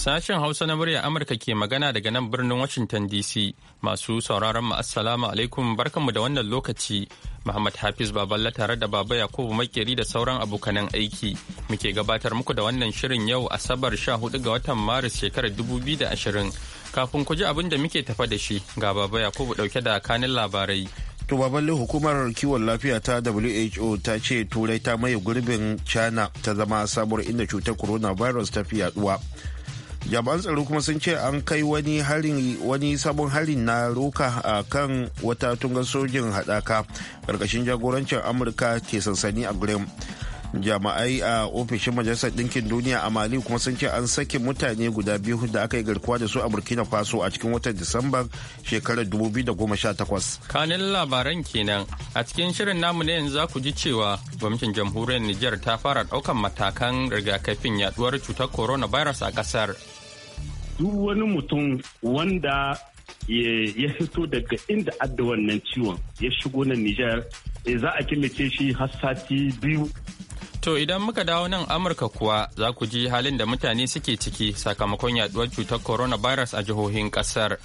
Sashen Hausa na murya Amurka ke magana daga nan birnin Washington DC masu sauraron mu assalamu alaikum barkanmu da wannan lokaci Muhammad Hafiz Baballa tare da Baba Yakubu Makeri da sauran abokanan aiki muke gabatar muku da wannan shirin yau Asabar 14 ga watan Maris shekarar 2020 kafin ku ji abin da muke tafa da shi ga Baba Yakubu dauke da kanin labarai. To baballe hukumar kiwon lafiya ta WHO ta ce turai ta maye gurbin China ta zama sabuwar inda cutar coronavirus ta fi yaduwa. jaban tsaro kuma sun ce an kai wani harin wani sabon harin na roka a kan wata tungan sojin haɗaka ƙarƙashin jagorancin amurka ke sansani a graham jama'ai a ofishin majalisar ɗinkin duniya a mali kuma sun ce an sake mutane guda biyu da aka yi garkuwa da su a burkina faso a cikin watan disambar shekarar 2018 kanin labaran kenan a cikin shirin namu na yanzu za ku ji cewa gwamnatin jamhuriyar nijar ta fara ɗaukan matakan rigakafin yaduwar cutar corona coronavirus a ƙasar duk wani mutum wanda ya fito daga inda adda wannan ciwon ya shigo na niger eh, za a killace shi har sati biyu To idan muka dawo nan Amurka kuwa za ku ji halin da mutane suke ciki sakamakon yaduwar cutar coronavirus a jihohin kasar.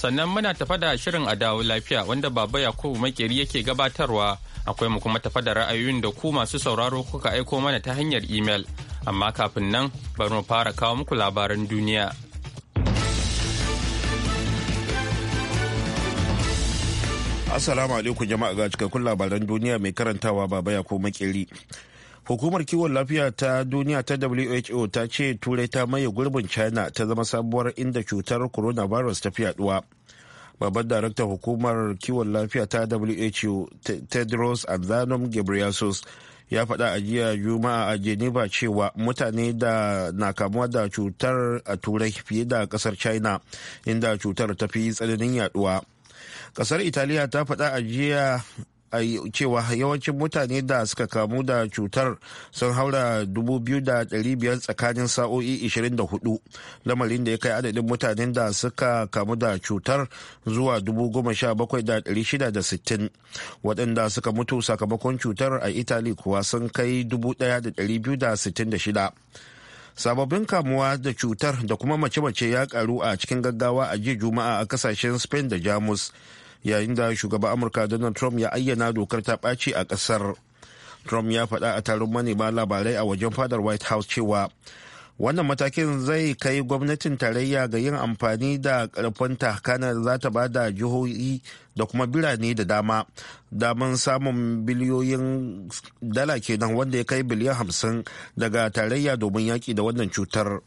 Sannan muna tafa da shirin a dawo lafiya wanda Baba Yakubu Makeri yake gabatarwa akwai mu kuma tafa da ra'ayoyin da ku masu sauraro kuka aiko mana ta hanyar imel. Amma kafin nan bari mu fara kawo muku labaran duniya. Assalamu alaikum jama'a ga cikakkun labaran duniya mai karantawa Baba Yakubu Makeri. hukumar kiwon lafiya ta duniya ta who ta ce turai ta maye gurbin china ta zama sabuwar inda cutar coronavirus ta fi yaduwa babban daraktan hukumar kiwon lafiya ta who tedros adhanom ghebreyesus ya faɗa a jiya juma'a a geneva cewa mutane da na kamuwa da cutar a turai fiye da kasar china inda cutar ta fi tsananin yaduwa kasar italiya ta faɗa a jiya cewa yawancin mutane da suka kamu da cutar sun haura 2,500 tsakanin sa'o'i 24 lamarin da ya kai adadin mutanen da suka kamu da cutar zuwa 17,660 waɗanda suka mutu sakamakon cutar a italy kuwa sun kai 1,266 sababbin kamuwa da cutar da kuma mace-mace ya karu a cikin gaggawa a jiya juma'a a kasashen spain da jamus yayin da shugaban amurka donald trump ya ayyana dokar ta ɓaci a ƙasar trump ya faɗa a taron manema labarai a wajen fadar white house cewa wannan matakin zai kai gwamnatin tarayya ga yin amfani da ƙarfinta takanar za ta ba da jihohi da kuma birane da dama daman samun biliyoyin dala kenan wanda ya kai biliyan hamsin daga tarayya domin yaƙi da wannan cutar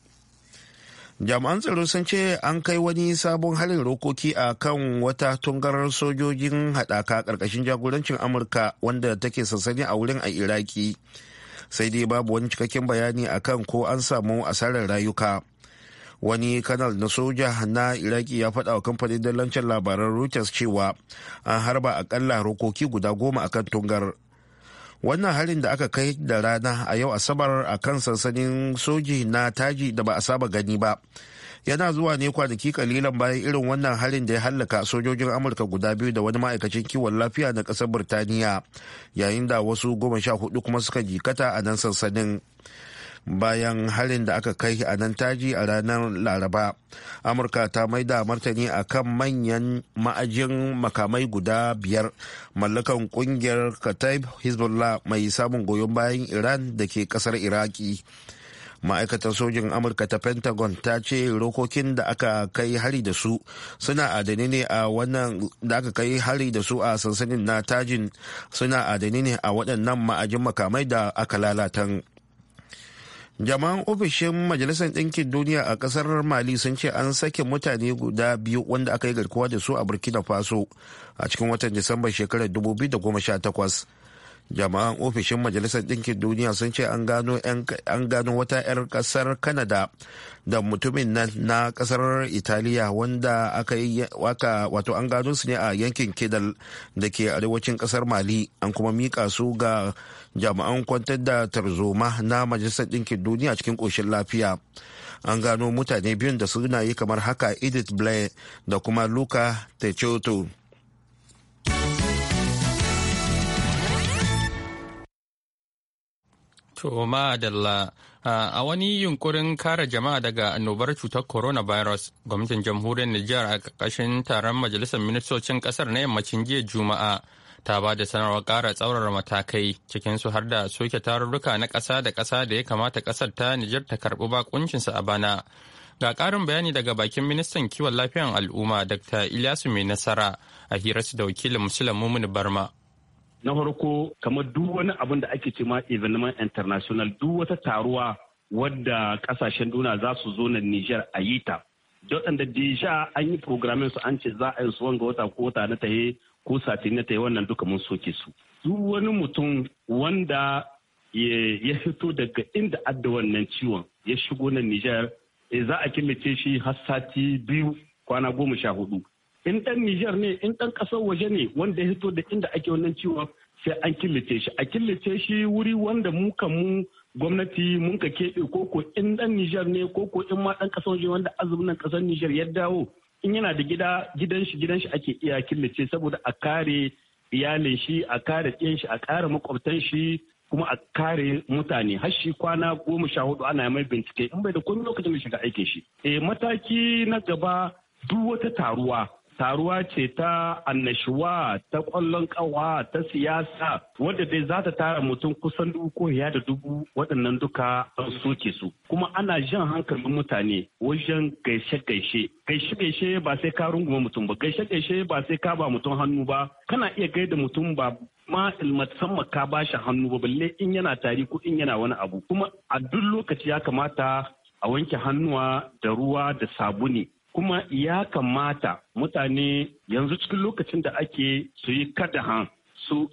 jami'an tsaro sun ce an kai wani sabon harin rokoki a kan wata tungarar sojojin haɗaka ƙarƙashin jagorancin amurka wanda take sansani a wurin a iraki sai dai babu wani cikakken bayani a kan ko an samu asarar rayuka wani kanal na soja na iraki ya faɗa wa kamfanin dallancin labaran reuters cewa an harba akalla rokoki guda goma akan tungar wannan harin da aka kai da rana a yau asabar a kan sansanin soji na taji da ba a saba gani ba yana zuwa ne kwanaki kalilan bayan irin wannan harin da ya hallaka sojojin amurka guda biyu da wani ma'aikacin kiwon lafiya na kasar birtaniya yayin da wasu goma sha hudu kuma suka jikata a nan sansanin bayan harin da aka kai a nan taji a ranar laraba amurka ta maida martani a kan manyan ma'ajin makamai guda biyar mallakan kungiyar kataib hezbollah mai samun goyon bayan iran da ke kasar iraki ma'aikatar sojin amurka ta pentagon ta ce rokokin da aka kai hari da su suna adani ne a wannan da aka kai hari da su a sansanin na tajin suna adani ne a waɗannan ma'ajin makamai da aka lalata. jama'an ofishin majalisar ɗinkin duniya a ƙasar mali sun ce an sake mutane guda biyu wanda aka yi garkuwa da su a burkina faso a cikin watan disambar shekarar 2018 jama'an ofishin majalisar ɗinkin duniya sun ce an gano wata 'yar ƙasar canada da mutumin nan na ƙasar italiya wanda aka yi waka wato an gano su ne a yankin kidal da ke arewacin ƙasar mali an kuma mika su ga jama'an kwantar da tarzoma na majalisar ɗinkin duniya cikin koshin lafiya an gano mutane biyun da suna yi kamar haka edith blair da kuma luka techoto To madalla a wani yunkurin kare jama'a daga annobar cutar coronavirus gwamnatin jamhuriyar Nijar a ƙarƙashin taron majalisar ministocin ƙasar na yammacin jiya Juma'a ta ba da sanarwar ƙara tsaurar matakai cikinsu har da soke tarurruka na ƙasa da ƙasa da ya kamata ƙasar ta Nijar ta karɓi bakuncinsa a bana. Ga ƙarin bayani daga bakin ministan kiwon lafiyar al'umma Dr. Ilyasu Mai Nasara a hirarsu da wakilin Musulun Mumuni Barma. na farko kamar duk wani abin da ake cema evenement international duk wata taruwa wadda kasashen duniya za su zo na niger a yi ta. Waɗanda deja an yi programin su an ce za a yi su wanga wata ko wata na taye ko sati na taye wannan duka mun soke su. Duk wani mutum wanda ya fito daga inda adda wannan ciwon ya shigo na niger eh, za a killace shi har sati biyu kwana goma sha hudu. in dan Nijar ne in dan kasar waje ne wanda ya hito da inda ake wannan ciwon sai an killace shi a killace shi wuri wanda mu kan mu gwamnati mun ka keɓe ko in dan Nijar ne ko in ma dan kasar waje wanda azumin nan kasar Nijar ya dawo in yana da gida gidan shi gidan shi ake iya killace saboda a kare iyalin shi a kare ɗin shi a kare makwabtan shi kuma a kare mutane har shi kwana goma sha hudu ana mai bincike in bai da komai lokacin da shiga aikin shi eh mataki na gaba duk wata taruwa taruwa ce ta annashuwa ta kwallon kawa ta siyasa wadda dai za ta tara mutum kusan dubu ko ya da dubu waɗannan duka an soke su kuma ana jan hankalin mutane wajen gaishe-gaishe gaishe-gaishe ba sai ka runguma mutum ba gaishe-gaishe ba sai ka ba mutum hannu ba kana iya gaida mutum ba ma ilmatsan ka ba shi hannu ba balle in yana tari ko in yana wani abu kuma a duk lokaci ya kamata a wanke hannuwa da ruwa da sabuni kuma ya kamata mutane yanzu cikin lokacin da ake su yi kada han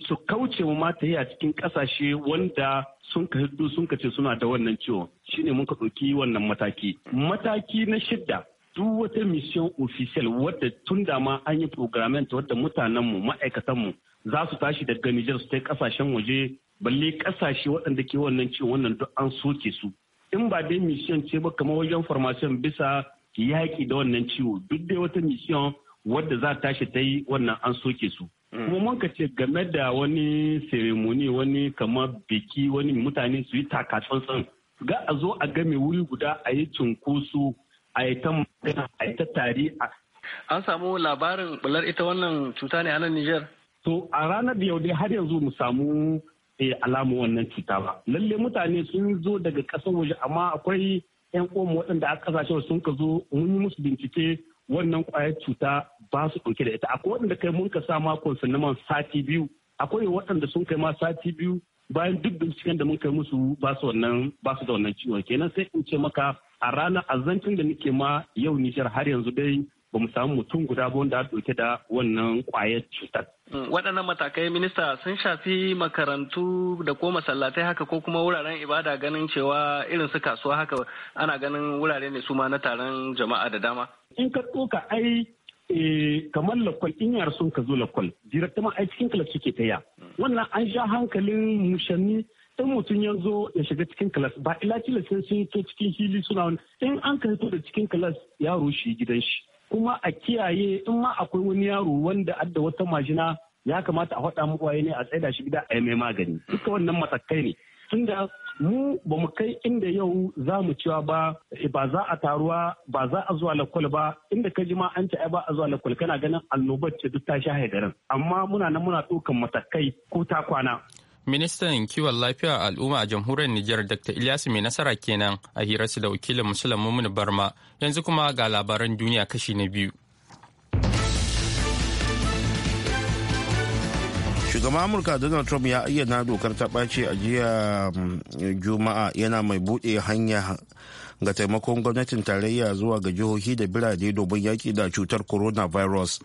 su kauce mu mata yi a cikin kasashe wanda sun ka hiddu sun ka ce suna da wannan ciwon shine mun ka ɗauki wannan mataki mataki na shidda duk wata mission official wadda tun da ma an yi programment wadda mutanenmu ma'aikatanmu za su tashi daga Nijar su ta kasashen waje balle kasashe waɗanda ke wannan ciwon wannan duk an soke su in ba dai mission ce ba kamar wajen formation bisa yaƙi da wannan ciwo duk da wata mission wadda za ta tashi ta yi wannan an soke su mm. kuma mun ka ce game da wani ceremony wani kamar biki wani mutane su yi takatsantsan ga a zo a game wuri guda a yi cunkoso a yi ta magana a yi ta tari. an samu labarin bular ita wannan cuta ne a nan Nijar? to a ranar da yau dai har yanzu mu samu eh, alamu wannan cuta ba lalle mutane sun zo daga ƙasar waje amma akwai 'yan uwan waɗanda a kasashen sun ka zo mun yi musu bincike wannan kwayar cuta ba su ɗauke da ita akwai waɗanda kai mun ka sa makon su sannan sati biyu akwai waɗanda sun kai ma sati biyu bayan duk binciken da mun kai musu ba su wannan ba su da wannan ciwon kenan sai in ce maka a ranar azancin da nake ma yau Nijar har yanzu dai ba mu samu mutum guda ba wanda ɗauke da wannan kwayar cutar. Mm, waɗannan matakai minista sun shafi makarantu da ko masallatai haka ko kuma wuraren ibada ganin cewa irin su kasuwa haka ana ganin wurare ne su ma na taron jama'a da dama. In ka ɗauka ai eh, kamar lakwal in yara sun ka zo lakwal ma ai cikin kalas suke taya. Mm. Wannan an sha hankalin mushanni in mutum ya zo ya shiga cikin kalas ba ila tilasin sun to cikin hili suna wani in an ka da cikin kalas ya shi gidan shi. kuma a kiyaye in ma akwai wani yaro wanda adda wata majina ya kamata a faɗa muku ne a tsaida shi gida a yi mai magani duka wannan matakai ne tunda mu ba mu kai inda yau za mu cewa ba eh, ba za a taruwa ba za a zuwa lakwal ba inda ka ji ma an ce ba a zuwa lakwal kana ganin annobar ce duk ta sha garin amma muna nan muna ɗaukan matakai ko ta kwana Ministan kiwon lafiya al'umma a jamhuriyar Nijar Dr. Ilyasu mai nasara kenan a hirarsu da wakilin Musulun Barma yanzu kuma ga labaran duniya kashi na biyu. shugaban amurka donald trump ya ayyana dokar ta ɓace a jiya mm, juma'a yana mai buɗe hanya ga taimakon gwamnatin tarayya zuwa ga jihohi da birane domin yaƙi da cutar coronavirus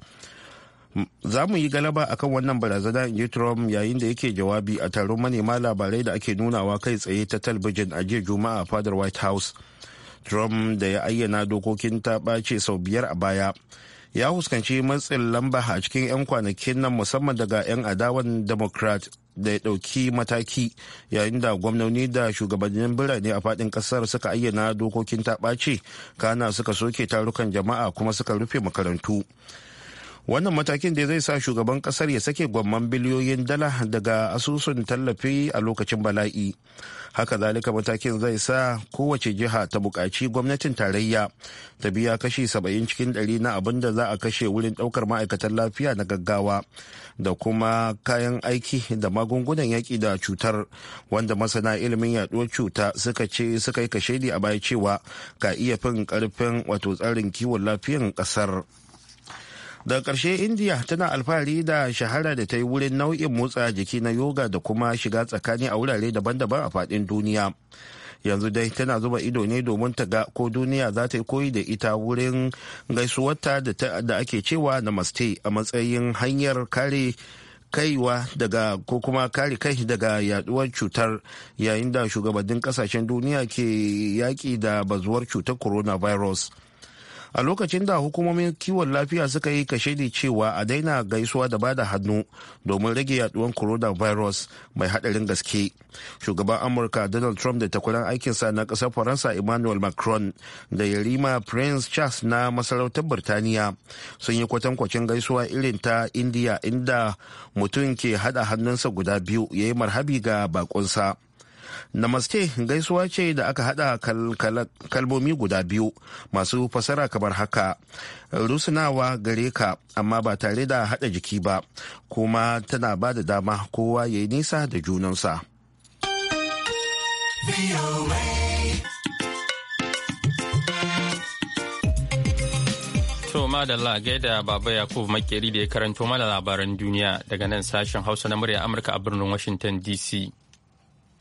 za mu yi galaba akan wannan barazana in ji trump yayin da yake jawabi a taron manema labarai da ake nunawa kai tsaye ta talbijin a jiya juma'a a fadar white house trump da ya ayyana dokokin ta ɓace sau biyar a baya ya huskanci matsin lamba a cikin 'yan kwanakin nan musamman daga 'yan adawan democrat da ya ɗauki mataki yayin da gwamnoni da shugabannin birane a faɗin ƙasar suka ayyana dokokin ta ɓace kana suka soke tarukan jama'a kuma suka rufe makarantu wannan matakin da zai sa shugaban kasar ya sake gwamman biliyoyin dala daga asusun tallafi a lokacin bala'i haka zalika matakin zai sa kowace jiha ta bukaci gwamnatin tarayya ta biya kashi 70 cikin 100 na abin da za a kashe wurin ɗaukar ma'aikatan lafiya na gaggawa da kuma kayan aiki da magungunan yaƙi da cutar wanda masana ilimin yaɗuwar cuta suka ce suka yi kashedi a baya cewa ka iya fin ƙarfin wato tsarin kiwon lafiyan ƙasar. daga ƙarshe india tana alfahari da shahara da ta yi wurin nau'in motsa jiki na yoga da kuma shiga tsakani a wurare daban-daban a faɗin duniya yanzu dai tana zuba ido ne domin ta ga ko duniya za ta yi koyi da ita wurin gaisuwarta da ake cewa namaste a matsayin hanyar kare kaiwa daga ko kuma kare kai daga yaduwar cutar yayin da shugabannin kasashen duniya ke yaƙi da bazuwar cutar coronavirus. virus a lokacin da hukumomin kiwon lafiya suka yi kashedi cewa a daina gaisuwa da bada hannu domin rage yaduwan coronavirus mai hadarin gaske shugaban amurka donald trump da takwaran aikinsa na kasar faransa emmanuel macron da yarima prince charles na masarautar birtaniya sun yi kwatankwacin gaisuwa irin ta india inda mutum ke hada hannunsa guda biyu ya yi marhabi ga bakonsa namaste gaisuwa ce da aka hada kalbomi guda biyu masu fasara kamar haka rusunawa gare ka amma ba tare da hada jiki ba kuma tana ba da dama kowa ya yi nisa da junansa To madalla gaida Baba Yakubu Makeri da ya karanto mana labaran duniya daga nan sashen Hausa na murya Amurka a birnin Washington DC.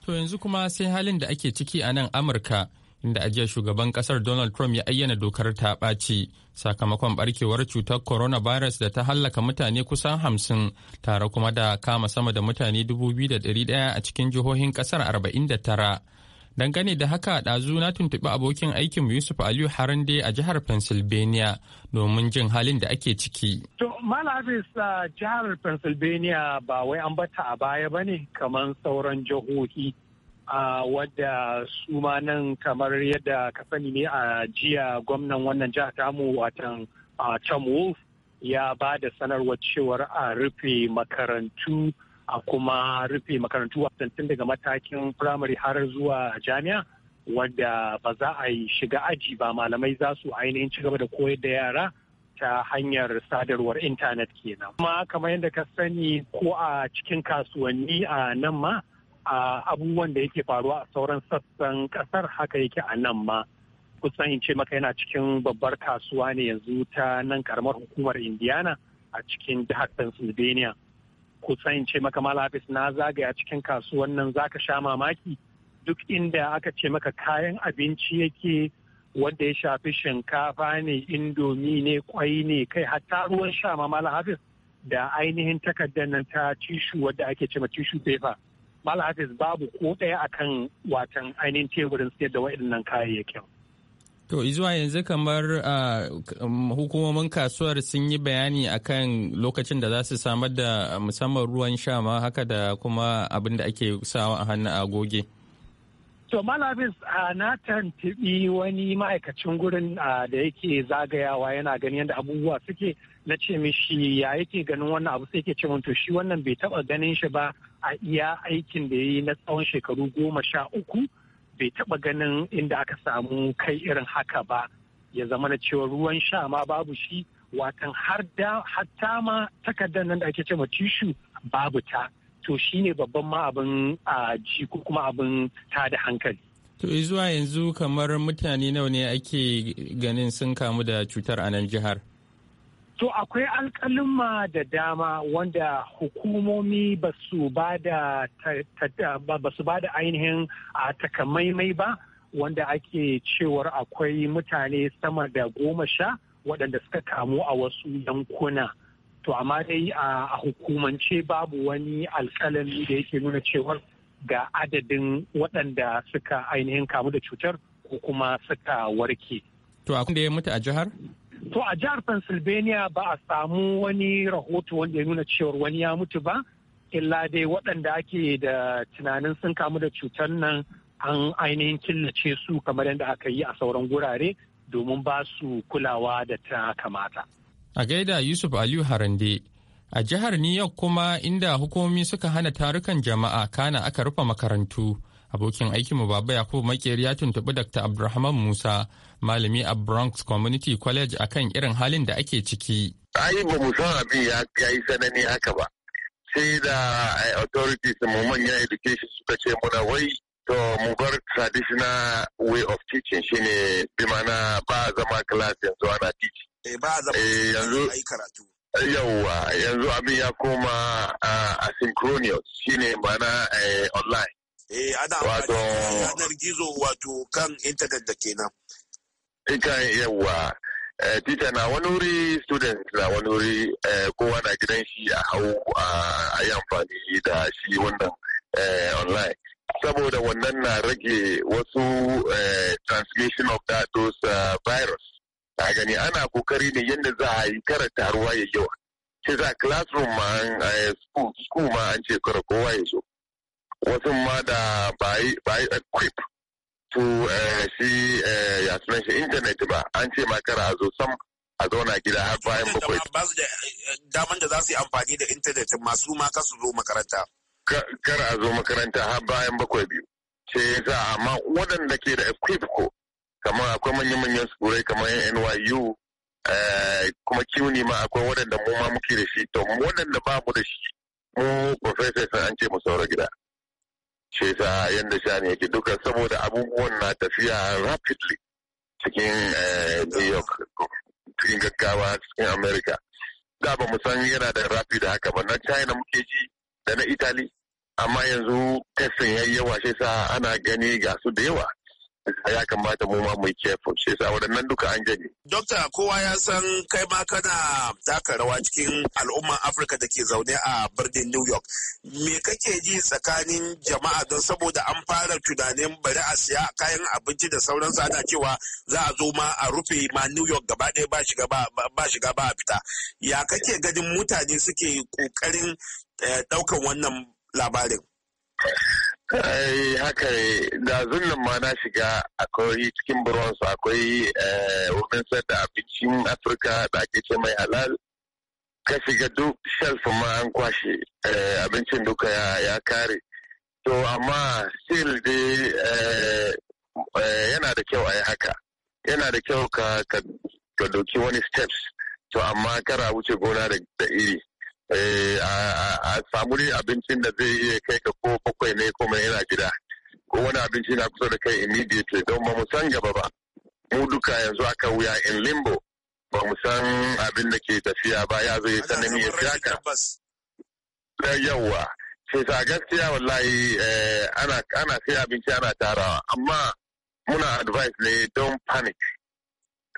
To yanzu kuma sai halin da ake ciki a nan Amurka inda ajiyar shugaban kasar Donald Trump ya ayyana dokar ta ɓaci sakamakon barkewar cutar coronavirus da ta hallaka mutane kusan hamsin tare kuma da kama sama da mutane 2,100 a cikin jihohin kasar 49. Dangane da haka ɗazu na tuntuɓi abokin aikin Yusuf Aliyu Harande a jihar Pennsylvania domin jin halin da ake ciki. To, Malabis a jihar Pennsylvania ba wai an bata a baya ba ne kamar sauran jihohi. a wadda su ma nan kamar yadda ka sani ne a jiya gwamnan wannan jihar tamu watan Tom Wolf ya ba da sanarwar cewar a rufe makarantu a kuma rufe makarantu wasantun daga matakin firamare har zuwa jami'a wadda ba za a yi shiga aji ba malamai za su ainihin ci gaba da koyar da yara ta hanyar sadarwar intanet kenan kuma kamar yadda ka sani ko a cikin kasuwanni a nan ma a abubuwan da yake faruwa a sauran sassan kasar haka yake a nan ma kusan in ce maka yana cikin babbar kasuwa ne yanzu ta nan karamar hukumar indiana a cikin jihar pennsylvania ko tsayin ce maka mala hafiz na zagaya cikin kasuwan nan zaka sha mamaki duk inda aka ce maka kayan abinci yake wanda ya shafi shinkafa ne indomi ne kwai ne kai hatta ruwan sha ma mala hafiz da ainihin takardar nan ta tishu wadda ake ce ma tishu pefa mala hafiz babu ko ɗaya akan watan ainihin teburin sayar da waɗannan kayayyakin To zuwa yanzu kamar um, hukumomin kasuwar sun yi bayani a kan lokacin da za su samar da musamman ruwan sha ma haka da kuma abin da ake sawa a hannu agoge. To Malabis na tantibi wani ma'aikacin gurin da yake zagayawa yana gani yadda abubuwa suke na ce mishi ya yake ganin wannan abu sai ke ce to shi wannan bai taba ganin shi ba a iya aikin da ya yi na tsawon shekaru goma sha uku. bai taɓa ganin inda aka samu kai irin haka ba ya zama na cewa ruwan sha ma babu shi watan har da hatta ma takardar nan da ake cewa tishu babu ta to shi ne babban ma abin a ji ko kuma abin ta da hankali to zuwa yanzu kamar mutane nawa ne ake ganin sun kamu da cutar a nan jihar To akwai alkalima da dama wanda hukumomi ba su ba da ainihin takamaimai ba wanda ake cewar akwai mutane sama da goma sha waɗanda suka kamu a wasu yankuna. To amma dai a hukumance babu wani alkalami da yake nuna cewar ga adadin waɗanda suka ainihin kamu da cutar ko kuma suka warke. To akwai da ya mutu a jihar? To a jihar Pennsylvania ba a samu wani rahoto wanda ya nuna cewar wani ya mutu ba, illa dai waɗanda ake da tunanin sun kamu da cutar nan an ainihin killace su kamar yadda aka yi a sauran gurare domin ba su kulawa da ta kamata. A gaida Yusuf Aliyu Harande, a jihar New York kuma inda hukumomi suka hana tarukan jama'a kana aka rufe makarantu. Abokin aikin mu Baba Yakubu Makeri ya tuntuɓi Dr. Abdulrahman Musa, malami a Bronx Community College akan irin halin da ake ciki. Ai ba mu san abin ya yi sanani haka ba. Sai da eh, authorities mu manyan education suka ce muna wai to mu bar traditional way of teaching shine bi mana ba zama class yanzu ana teaching. Eh ba zama eh, yanzu karatu. yanzu abin ya koma ah, asynchronous shine mana eh, online. Eh ana wato yanar gizo wato kan intanet da kenan. Ikan eh, yawa eh, tita na wani wuri student na wani wuri eh, kowa na gidan shi a hau a yi amfani da shi wannan online. Saboda wannan na rage wasu transmission of that those uh, virus. A gani ana kokari ne yadda za a yi kara taruwa ya yawa. Sai za classroom ma school ma an ce kara kowa ya zo. wasu ma da ba yi equip to eh, shi eh, ya sunan shi internet ba an ce ma kara a zo sam a zauna gida har bayan bakwai. Ba su da eh, daman da za su yi amfani da intanet masu ma ka su zo makaranta. Kar a zo makaranta har bayan bakwai biyu. Ce yasa amma waɗanda ke da equip ko kamar akwai manyan-manyan surai kamar yan NYU kuma CUNY ma akwai waɗanda mu ma muke da shi to waɗanda ba mu da shi mu professors an ce mu saura gida. shi yasa yadda shani yake duka saboda abubuwan na tafiya rapidly cikin eh, new york cikin gaggawa cikin america da ba mu san yana da rapid haka ba na china muke ji da na italy amma yanzu testin yayi yawa shi sa ana gani ga su da yawa ya kamata mu ma mu yi careful shi yasa waɗannan duka an gani. Dokta kowa ya san kai ma kana taka rawa cikin al'umman Afirka da ke zaune a birnin New York. Me kake ji tsakanin jama'a don saboda an fara tunanin bari a siya kayan abinci da sauran ana cewa za a zo ma a rufe ma New York gaba ɗaya ba shiga ba shiga ba a fita. Ya kake ganin mutane suke ƙoƙarin eh, ɗaukan wannan labarin? Ai haka da zullum ma na shiga akwai cikin burons akwai eh, wurin sayar da abincin Afirka da ake ce mai halal. Ka shiga duk shelf ma an kwashe eh, abincin duka ya kare. To amma still dai eh, yana da kyau a yi haka. Yana da kyau ka doki wani steps. To amma kara wuce gona da iri. Eh, a samu ne abincin da zai iya kai ka ko bakwai ne kuma yana gida ko wani abinci na kusa da kai immediately don ba mu san gaba ba mu duka yanzu aka wuya in limbo ba mu san abin da ke tafiya ba ya zai tsanani ya fi haka da yawa sai sa gaskiya wallahi eh, ana sai abinci ana tarawa amma muna advice ne don panic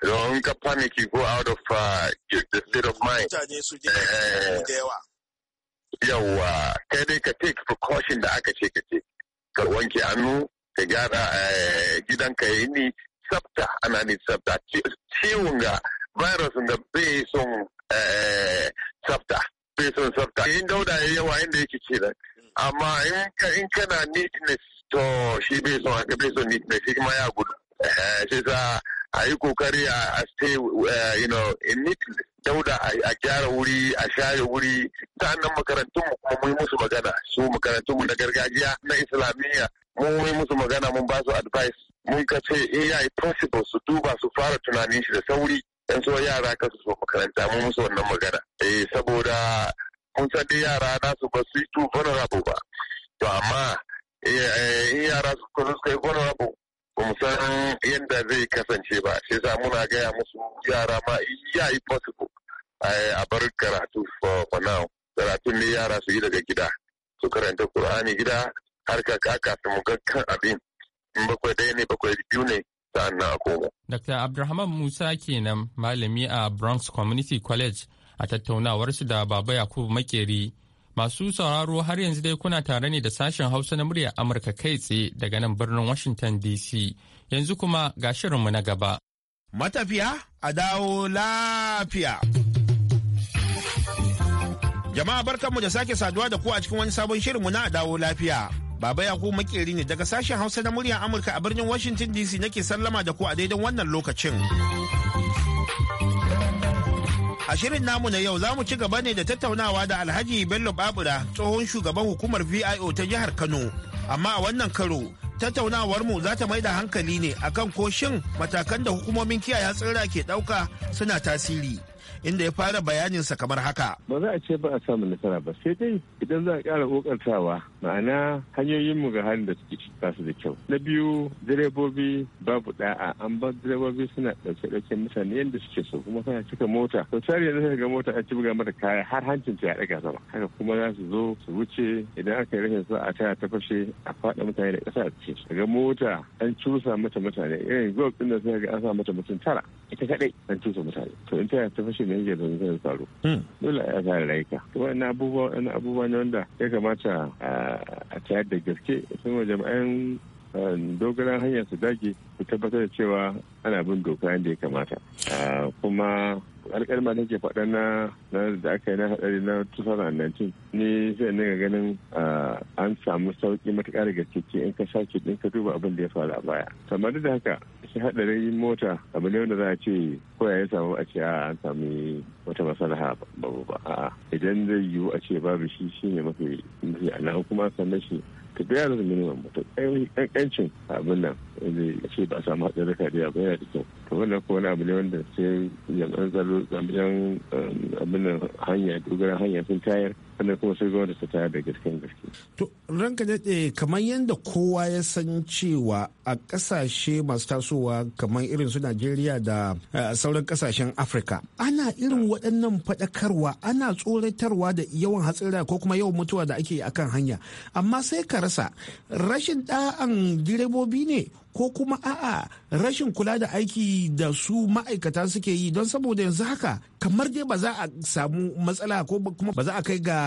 don ka panic go out of uh, the state of mind mutane su eh, da yawa kai dai ka take precaution da aka ce ka ce ka wanke hannu ka gyara eh, gidanka ya ni tsafta ana ni tsafta ciwon ga virus da bai son eh, tsafta bai son tsafta in dauda ya yawa inda yake ce nan amma in kana neatness to shi bai son haka bai son neatness shi ma ya gudu sai sa a yi kokari a stay eh, you know in need dauda a gyara wuri a share wuri nan makarantun mu kuma mu musu magana su makarantun mu na gargajiya na islamiyya mun mu musu magana mun ba su advice mun ka ce in eh, ya yi possible su duba su fara tunanin shi da sauri dan so yara ka su makaranta mun musu wannan magana eh saboda kun san dai yara su ba su yi tu vulnerable ba to amma eh, eh yara su suka yi vulnerable ba mu san yadda zai kasance ba shi sa muna gaya musu yara ma ya yi possible a bar karatu for now karatu ne yara su yi daga gida su karanta Kur'ani gida har ka kaka su kan abin in bakwai ɗaya ne bakwai biyu ne sa'annan a koma. Dr. Abdulrahman Musa kenan malami a Bronx Community College a tattaunawarsu da Baba Yakubu Makeri Masu sauraro har yanzu dai kuna tare ne da sashen Hausa na muryar Amurka kai tsaye daga nan birnin Washington DC. Yanzu kuma ga shirinmu na gaba. Matafiya a dawo lafiya. Jama'a barkanmu da sake saduwa da ku a cikin wani sabon shirinmu na a dawo lafiya. Baba Yakubu makeri ne daga sashen Hausa na muryar Amurka a birnin Washington DC nake sallama da ku a daidan wannan lokacin. A shirin namu na yau za mu ci gaba ne da tattaunawa da Alhaji Bello Babura tsohon shugaban hukumar VIO ta jihar Kano. Amma a wannan karo tattaunawar mu za ta mai da hankali ne akan ko shin matakan da hukumomin kiyaye tsira ke ɗauka suna tasiri. inda ya fara bayanin sa kamar haka. Ba za a ce ba a samu nasara ba sai dai idan za a ƙara kokartawa ma'ana hanyoyinmu ga halin da suke ba su da kyau. Na biyu direbobi babu da'a an ba direbobi suna ɗauke-ɗauke mutane yadda suke so kuma suna cika mota. To tare yanzu ga mota a cibga mata kaya har hancin ta ya ɗaga sama. Haka kuma za su zo su wuce idan aka yi rashin sa'a tana ta fashe a faɗa mutane da ƙasa a cikin Daga mota an cusa mata mutane irin gwab ɗin da suka ga an sa mata mutum tara ita kaɗai an cusa mutane. To in ta fashe ne abin da zan tsaro. Hmm. dole a yasa laika. to wannan abubuwa abubuwa ne wanda ya kamata a tayar da gaske sun jama'an um, dogaran hanyar su dage su tabbatar da cewa ana bin doka yadda ya kamata ah, kuma alkalma da ke faɗa na da aka yi na haɗari na 2019 ni zai ne ganin an samu sauƙi matuƙa daga ciki in ka sake ɗin ka duba abin da ya faru a baya kamar da haka shi haɗarin mota abu ne wanda za a ce ko ya yi samu a ce an sami wata masalaha babu ba a'a idan zai yiwu a ce babu shi ne mafi mafi ana kuma san na shi ka biya da minimum mutum ƙanƙancin abin nan ce ba a samu ka da yawa yana da kyau to wannan ko wani abu ne wanda sai jami'an tsaro eh, jami'an abin hanya dogara hanya sun tayar wanda kuma sai da su tayar da gasken gaske. to ranka daɗe kamar yadda kowa ya san cewa a ƙasashe masu tasowa kamar irin su najeriya da eh, sauran ƙasashen afirka ana irin waɗannan faɗakarwa ana tsoratarwa da yawan hatsira ko kuma yawan mutuwa da ake akan hanya amma sai ka rasa rashin ɗa'an direbobi ne ko kuma a'a rashin kula da aiki da su ma'aikata suke yi don saboda yanzu haka kamar dai ba za a samu matsala ko kuma ba za a kai ga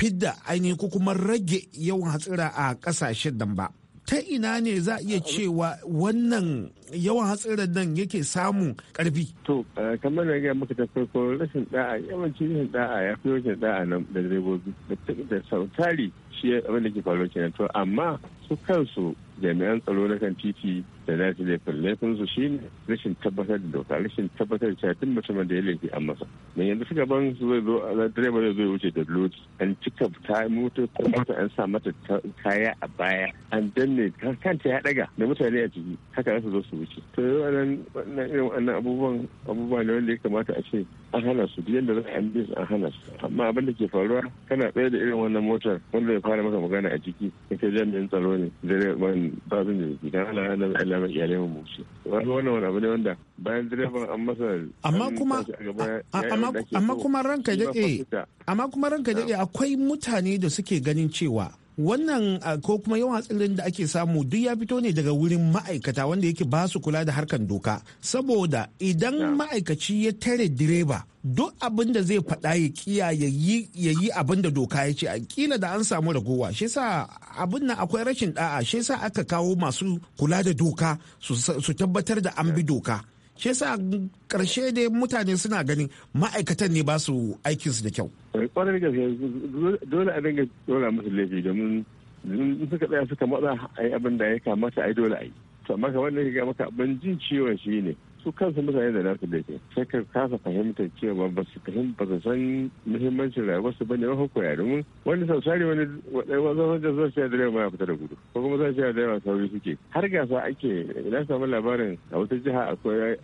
fidda ainihi ko kuma rage yawan hatsira a kasashen nan ba ta ina ne za iya cewa wannan yawan hatsirar nan yake samun karfi. To, eh, kamar da gaya muka tafi ko rashin da'a yawanci rashin da'a ya fi rashin da'a nan da direbobi da sautari shi abin da ke faruwa kenan to amma su kansu jami'an tsaro na kan titi da na laifin laifin su shi ne rashin tabbatar da doka rashin tabbatar da cewa duk da ya laifi an masa mai yanzu suka ban su zai zo a direba zai zo wuce da lodi an cika ta moto mota an sa mata kaya a baya an danne kanta ya daga da mutane a ciki haka za su zo su wuce to wannan irin wannan abubuwan abubuwa ne wanda ya kamata a ce an hana su duk yadda za an bi an hana su amma abin da ke faruwa kana tsaye da irin wannan motar wanda ya fara maka magana a ciki ita jami'in tsaro ne direba babin da ke dan Allah ya iyalai mu mushi wani wannan wani abu ne wanda bayan direban an masa amma kuma amma kuma ranka dade amma kuma ranka dade akwai mutane da suke ganin cewa wannan ko kuma yawan hatsarin da ake samu duk ya fito ne daga wurin ma'aikata wanda yake ba su kula da harkan doka saboda idan ma'aikaci ya tare direba duk abin da zai faɗa ya kiya ya yi abin da doka ya ce kila da an samu ragowa shi sa abin nan akwai rashin da'a shi sa aka kawo masu kula da doka su tabbatar da an bi doka shi sa karshe dai mutane suna ganin ma'aikatan ne ba su aikinsu da kyau kwarai gaske dole a dinga dora musu laifi domin in suka tsaya suka matsa a yi abin da ya kamata a yi dole a yi to amma kamar da ya maka abin jin ciwon shi ne su kansu mutane da nasu ke sai ka kasa fahimtar cewa ba su fahimta ba su san muhimmancin rayuwar su bane ba hukuma ya domin wani sari wani wani da zai sha direba ya fita da gudu ko kuma zai sha direba sauri suke har gasa ake na samu labarin a wata jiha akwai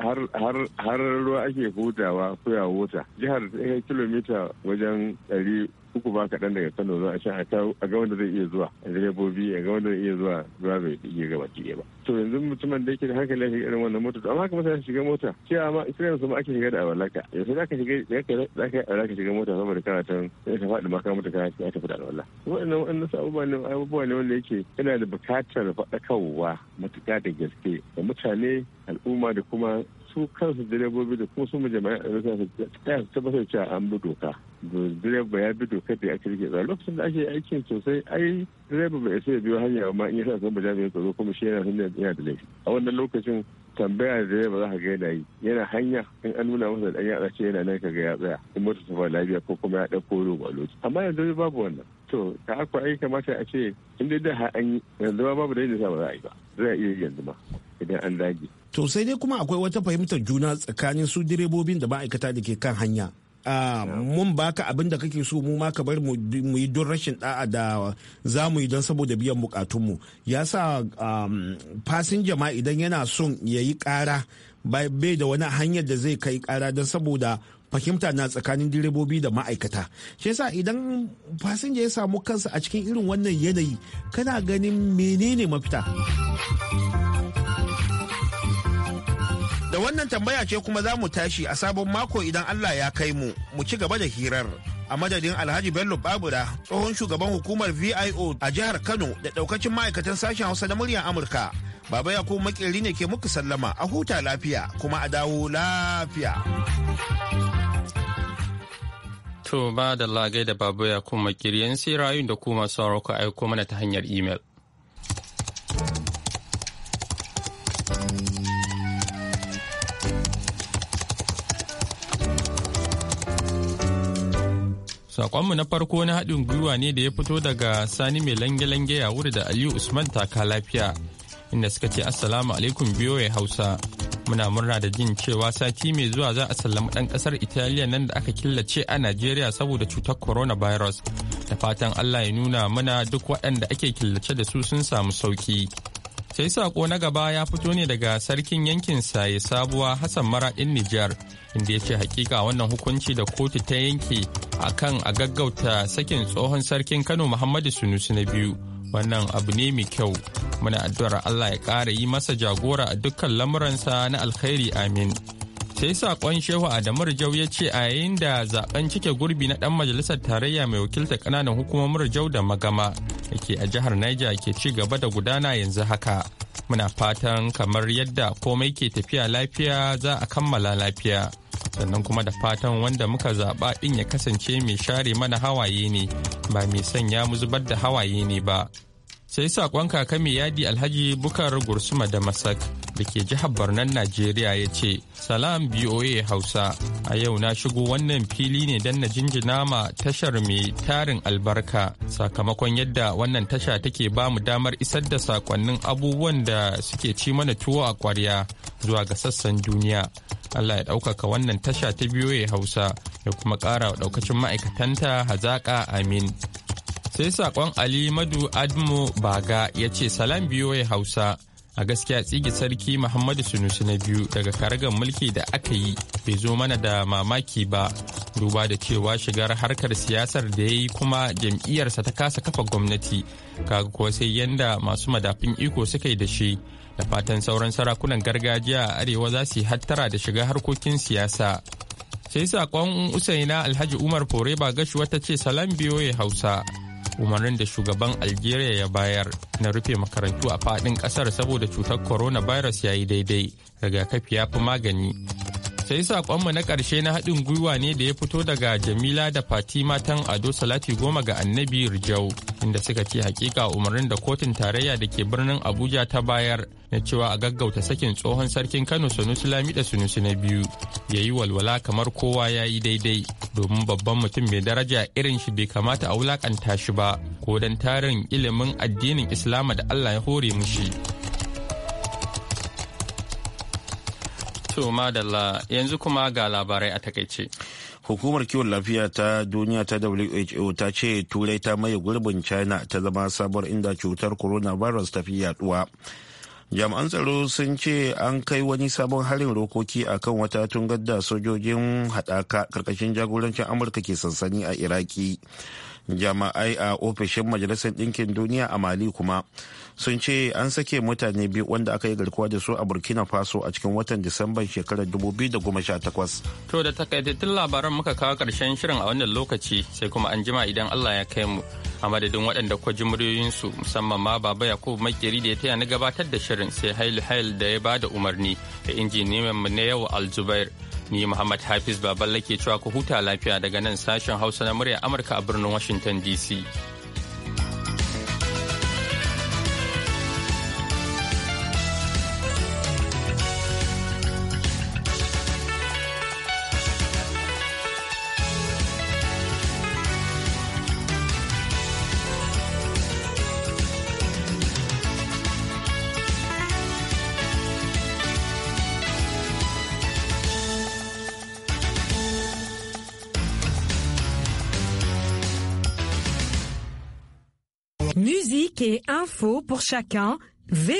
har ruwa ake hutawa ko ya wuta jihar kilomita wajen ɗari uku ba kaɗan daga kano za a sha a ga wanda zai iya zuwa a direbobi a ga wanda zai iya zuwa zuwa bai iya gaba cike ba to yanzu mutumin da yake da hankali yake irin wannan mota amma haka mutane shiga mota sai amma irin su ma ake shiga da awalaka yanzu za ka shiga za ka za ka shiga mota saboda kana tan sai ka faɗi maka mota ka ya tafi da awala wannan wannan abubuwa ne abubuwa ne wanda yake yana da buƙatar faɗakarwa matuƙa da gaske da mutane al'umma da kuma su kansu direbobi da kuma su majami'ai a rasa su tabbatar cewa an bi doka direba ya bi dokar da ake rike tsaro lokacin da ake aikin sosai ai direba bai sai ya biyo hanya amma in ya sa san bajan ya tsaro kuma shi yana hanyar yana da laifi a wannan lokacin tambaya da direba za ka ga yana yi yana hanya in an nuna masa da ya ce yana nan ka ga ya tsaya in mota ta lafiya ko kuma ya ɗauko roba a lokaci amma yanzu babu wannan to ta haka ai kamata a ce in dai da an yi yanzu ma babu da sa ba za a yi ba zai iya yanzu ma idan an dage. to sai dai kuma akwai wata fahimtar juna tsakanin su direbobin da ma'aikata da ke kan hanya Ah, mun baka abin da kake so mu ma ka bar mu yi don rashin da'a da za mu yi don saboda biyan bukatunmu ya sa um, fasinja ma idan yana son ya yi kara bai da wani hanyar da zai kai kara don saboda fahimta na tsakanin direbobi da ma'aikata shi yasa idan fasinja ya samu kansa a cikin irin wannan yanayi kana ganin menene mafita wannan tambaya ce kuma za mu tashi a sabon mako idan Allah ya kai mu mu ci gaba da hirar. A madadin Alhaji Bello Babura tsohon shugaban hukumar VIO a jihar Kano da ɗaukacin ma'aikatan sashen Hausa na muryar Amurka. Baba ya kuma makeri ne ke muku sallama a huta lafiya kuma a dawo lafiya. To ba da lagai da babu ya kuma makiri yan sai rayu da kuma sauran ku aiko mana ta hanyar imel. Sakonmu na farko na haɗin gwiwa ne da ya fito daga Sani mai lange-lange ya wuri da Aliyu Usman taka lafiya inda suka ce Assalamu alaikum biyoye Hausa. Muna murna da jin cewa sati mai zuwa za a sallami ɗan ƙasar Italiya nan da aka killace a Najeriya saboda cutar coronavirus. Da fatan Allah ya nuna mana duk waɗanda ake killace da su sun samu sauki. Sai sako na gaba ya fito ne daga sarkin yankin saye sabuwa Hassan Maraɗin Nijar inda ya ce hakika wannan hukunci da kotu ta yanke akan a gaggauta sakin tsohon sarkin Kano Muhammadu sunusu na biyu. Wannan abu ne mai kyau. Muna addu'ar Allah ya ƙara yi masa jagora a dukkan lamuransa na alkhairi amin. ta yi sakon shehu adamar jau ya ce a yayin da zaben cike gurbi na dan majalisar tarayya mai wakilta kananan hukumomin jau da magama da ke a jihar niger ke ci gaba da gudana yanzu haka muna fatan kamar yadda komai ke tafiya lafiya za a kammala lafiya sannan kuma da fatan wanda muka zaɓa ɗin ya kasance mai share mana hawaye ne ba mai sanya mu zubar da hawaye ne ba sai sakon kaka mai yadi alhaji bukar gursuma da masak da ke jihar barnan najeriya ya ce salam boa hausa a yau na shigo wannan fili ne don na jinjina ma tashar mai tarin albarka sakamakon yadda wannan tasha take ba mu damar isar da sakonnin abubuwan da suke ci mana tuwo a kwarya zuwa ga sassan duniya allah ya ɗaukaka wannan tasha ta boa hausa da kuma ƙara ɗaukacin ma'aikatanta hazaƙa amin sai sakon ali madu admo baga ya ce salam ya hausa a gaskiya tsigi sarki muhammadu sunusi na biyu daga karagar mulki da aka yi bai zo mana da mamaki ba duba da cewa shigar harkar siyasar da ya yi kuma jam'iyyarsa ta kasa kafa gwamnati kaga kuwa sai yanda masu madafin iko suka yi da shi da fatan sauran sarakunan gargajiya a arewa za su yi hattara da shiga harkokin siyasa sai saƙon usaina alhaji umar fore ba gashuwa ta ce salam biyo ya hausa umarnin da shugaban algeria ya bayar na rufe makarantu a fadin kasar saboda cutar coronavirus ya yi daidai rigakafi ya fi magani sai saƙonmu na ƙarshe na haɗin gwiwa ne da ya fito daga jamila da fati matan ado salati goma ga annabi rijau inda suka ce hakika umarnin da kotun tarayya da ke birnin abuja ta bayar na cewa a gaggauta sakin tsohon sarkin kano sanusi lami da sanusi na biyu ya yi walwala kamar kowa ya yi daidai domin babban mutum mai daraja irin shi bai kamata a wulakanta shi ba ko don tarin ilimin addinin islama da allah ya hore mushi madalla yanzu kuma ga labarai a takaice. Hukumar kiwon lafiya ta duniya ta WHO ta ce turai ta maye gurbin China ta zama sabuwar inda cutar coronavirus ta fi yaduwa. Jami'an tsaro sun ce an kai wani sabon harin rokoki a kan wata tungar da sojojin haɗaka ƙarƙashin jagorancin Amurka ke sansani a Iraki. jama'ai a ofishin majalisar ɗinkin duniya a mali kuma sun ce an sake mutane biyu wanda aka yi garkuwa da su a burkina faso a cikin watan disamban shekarar 2018 to da takaitattun labaran muka kawo karshen shirin a wannan lokaci sai kuma an jima idan allah ya kai mu a madadin waɗanda kwa ji musamman ma baba yakubu makeri da ya taya na gabatar da shirin sai hail hail da ya ba da umarni da injiniyan mu na yau aljubair. Ni Muhammad Hafiz Baballe ke cewa ku huta lafiya daga nan sashen Hausa na murya Amurka a birnin Washington DC. pour chacun.